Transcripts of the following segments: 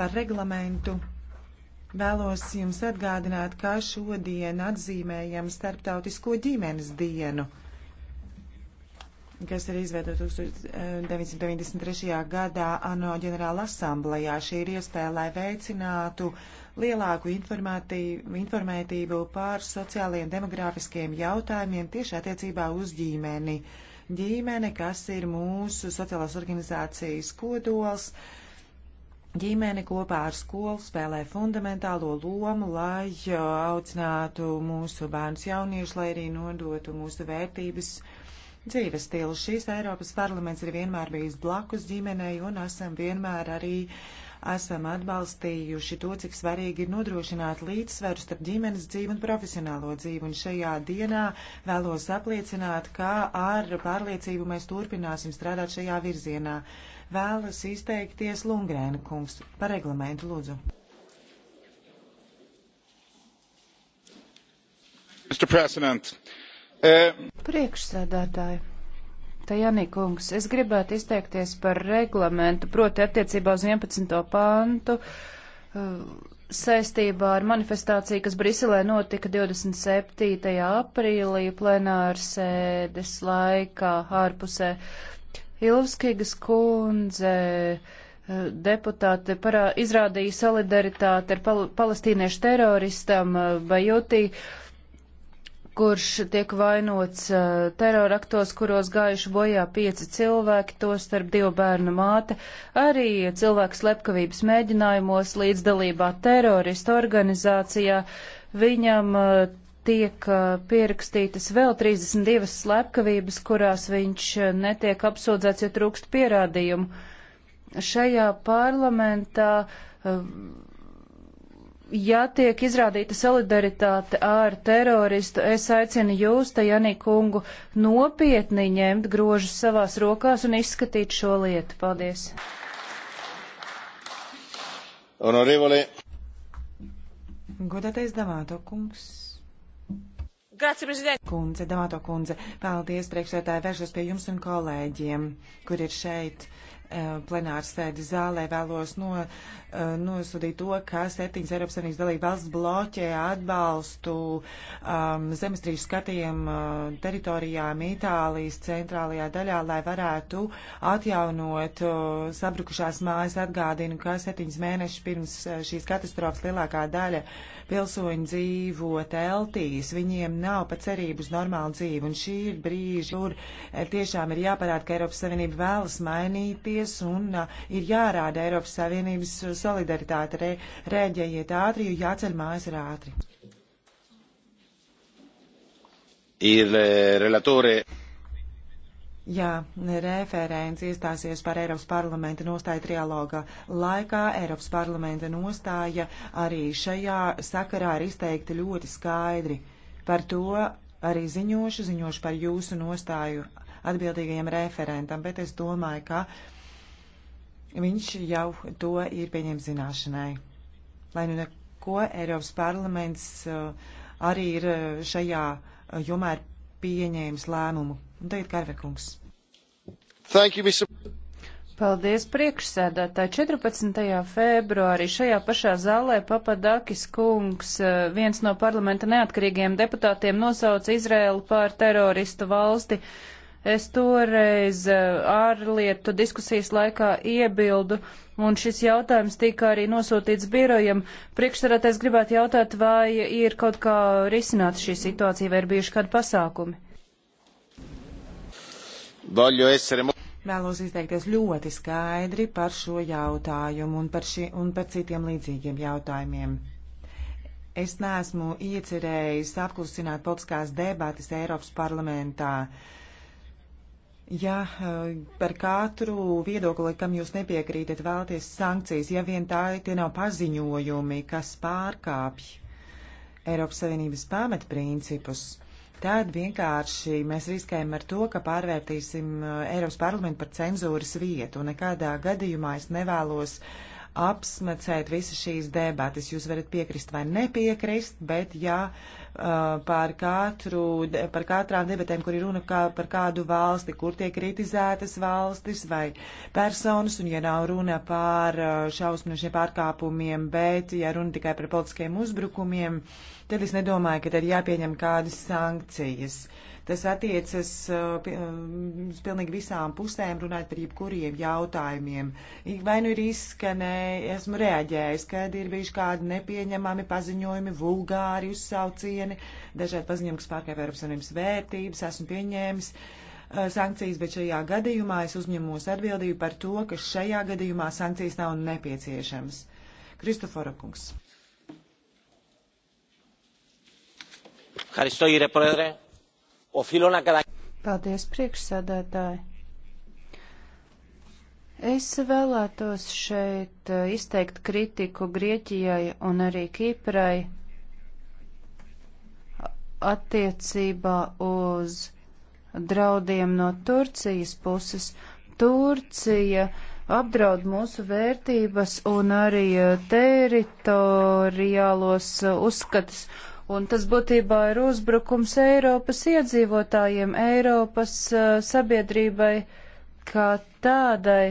par reglamentu. Vēlos jums atgādināt, kā šodien atzīmējam Starptautisko ģimenes dienu, kas ir izveidota 1993. Eh, gadā ANO ģenerāla asamblējā. Šī ir iespēja, lai veicinātu lielāku informētību pār sociālajiem demogrāfiskiem jautājumiem tieši attiecībā uz ģimeni. Ģimene, kas ir mūsu sociālās organizācijas kodols. Uh, Ģimene kopā ar skolu spēlē fundamentālo lomu, lai uh, audzinātu mūsu bērnus jauniešus, lai arī nodotu mūsu vērtības dzīves stilu. Šīs Eiropas parlaments ir vienmēr bijis blakus ģimenei un esam vienmēr arī esam atbalstījuši to, cik svarīgi ir nodrošināt līdzsveru starp ģimenes dzīvi un profesionālo dzīvi. Un šajā dienā vēlos apliecināt, ka ar pārliecību mēs turpināsim strādāt šajā virzienā vēlas izteikties Lungrēna kungs. Par reglamentu lūdzu. Eh, Priekšsēdētāji, Tajani kungs, es gribētu izteikties par reglamentu, proti attiecībā uz 11. pantu eh, saistībā ar manifestāciju, kas Briselē notika 27. aprīlī plenārsēdes laikā ārpusē. Ilvskīgas kundze eh, deputāte parā, izrādīja solidaritāti ar pal palestīniešu teroristam eh, Bajotī, kurš tiek vainots eh, teroraktos, kuros gājuši bojā pieci cilvēki, to starp divu bērnu māte, arī cilvēku slepkavības mēģinājumos līdzdalībā teroristu organizācijā. Viņam tiek pierakstītas vēl 32 slepkavības, kurās viņš netiek apsūdzēts, jo trūkst pierādījumu. Šajā parlamentā, ja tiek izrādīta solidaritāte ar teroristu, es aicinu jūs, Tajani kungu, nopietni ņemt grožus savās rokās un izskatīt šo lietu. Paldies! Honorevole. Godātais Davāto kungs. Grazie, prezident! Kundze, Dāto kundze, paldies priekšsētāji, vēršos pie jums un kolēģiem, kur ir šeit. Eh, plenāras sēdes zālē vēlos no, eh, nosodīt to, ka septiņas Eiropas Savienības dalība valsts bloķē atbalstu um, ehm, zemestrīšu skatiem uh, teritorijām Itālijas centrālajā daļā, lai varētu atjaunot uh, sabrukušās mājas. Atgādinu, ka septiņas mēnešus pirms šīs katastrofas lielākā daļa pilsoņu dzīvo teltīs, viņiem nav pat cerību uz normālu dzīvi, un šī ir brīži, kur tiešām ir jāparāda, ka Eiropas Savienība vēlas mainīties rīkoties un uh, ir jārāda Eiropas Savienības uh, solidaritāte. Re, rēģējiet ātri, jo jāceļ mājas ir ātri. Il eh, relatore. Jā, referents iestāsies par Eiropas parlamenta nostāju trialoga laikā. Eiropas parlamenta nostāja arī šajā sakarā ir izteikta ļoti skaidri. Par to arī ziņošu, ziņošu par jūsu nostāju atbildīgajam referentam, bet es domāju, ka Viņš jau to ir pieņēmis zināšanai. Lai nu neko Eiropas parlaments uh, arī ir uh, šajā uh, jomā ir pieņēmis lēmumu. Un tagad Karvekungs. Thank you, Mr. Paldies priekšsēdētāji. 14. februārī šajā pašā zālē Papadakis kungs, viens no parlamenta neatkarīgiem deputātiem, nosauca Izraelu par teroristu valsti Es toreiz eh, ārlietu diskusijas laikā iebildu, un šis jautājums tika arī nosūtīts birojam. Priekšsarātais gribētu jautāt, vai ir kaut kā risināta šī situācija, vai ir bijuši kādi pasākumi? Vēlos izteikties ļoti skaidri par šo jautājumu un par, ši, un par citiem līdzīgiem jautājumiem. Es neesmu iecerējis apklusināt politiskās debātas Eiropas parlamentā. Uh, Ja eh, par katru viedokli, kam jūs nepiekrītat, vēlties sankcijas, ja vien tā tie nav paziņojumi, kas pārkāpj Eiropas Savienības pamatprincipus, tad vienkārši mēs riskējam ar to, ka pārvērtīsim eh, Eiropas parlamentu par cenzūras vietu. Nekādā gadījumā es nevēlos apsmacēt visas šīs debatas. Jūs varat piekrist vai nepiekrist, bet ja. Uh, Uh, par, katru, par katrām debatēm, kur ir runa kā par kādu valsti, kur tiek kritizētas valstis vai personas, un ja nav runa par uh, šausminošiem pārkāpumiem, bet ja runa tikai par politiskiem uzbrukumiem, tad es nedomāju, ka tad jāpieņem kādas sankcijas. Tas attiecas uh, um, uz pilnīgi visām pusēm, runājot par jebkuriem jautājumiem. Vai nu ir izskanēji, esmu reaģējis, kad ir bijuši kādi nepieņemami paziņojumi, vulgāri uzsaucīja centieni, dažādi paziņojumi, kas pārkāpj Eiropas Savienības vērtības, esmu pieņēmis uh, sankcijas, bet šajā gadījumā es uzņemos atbildību par to, ka šajā gadījumā sankcijas nav nepieciešamas. Kristofora kungs. Paldies, priekšsēdētāji. Es vēlētos šeit uh, izteikt kritiku Grieķijai un arī Kīprai attiecībā uz draudiem no Turcijas puses. Turcija apdraud mūsu vērtības un arī e, teritoriālos e, uzskatus, un tas būtībā ir uzbrukums Eiropas iedzīvotājiem, Eiropas e, sabiedrībai kā tādai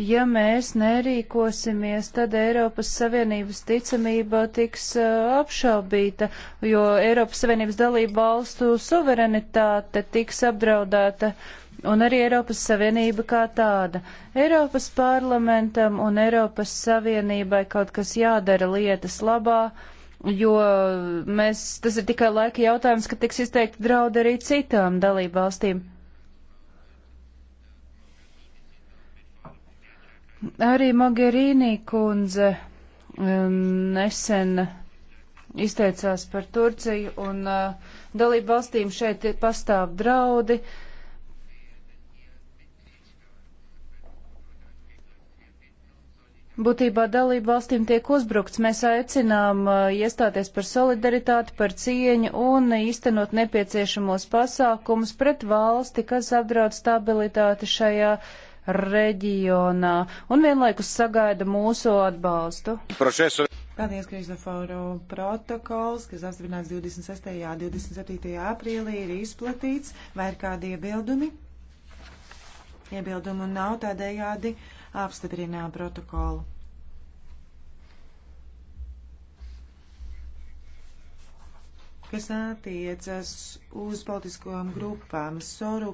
Ja mēs nerīkosimies, tad Eiropas Savienības ticamība tiks uh, apšaubīta, jo Eiropas Savienības dalību valstu suverenitāte tiks apdraudēta un arī Eiropas Savienība kā tāda. Eiropas parlamentam un Eiropas Savienībai kaut kas jādara lietas labā, jo mēs, tas ir tikai laika jautājums, ka tiks izteikti draudi arī citām dalību valstīm. Arī Mogherīnī kundze um, nesen izteicās par Turciju un uh, dalību valstīm šeit pastāv draudi. Būtībā dalību valstīm tiek uzbrukts. Mēs aicinām uh, iestāties par solidaritāti, par cieņu un īstenot nepieciešamos pasākumus pret valsti, kas apdraud stabilitāti šajā valstī reģionā un vienlaikus sagaida mūsu atbalstu. Procesu. Paldies, Kristoforu. Protokols, kas apstiprināts 26. un 27. aprīlī, ir izplatīts. Vai ir kādi iebildumi? Iebildumu nav tādējādi apstiprinā protokolu. Kas attiecas uz politiskajām grupām, Soru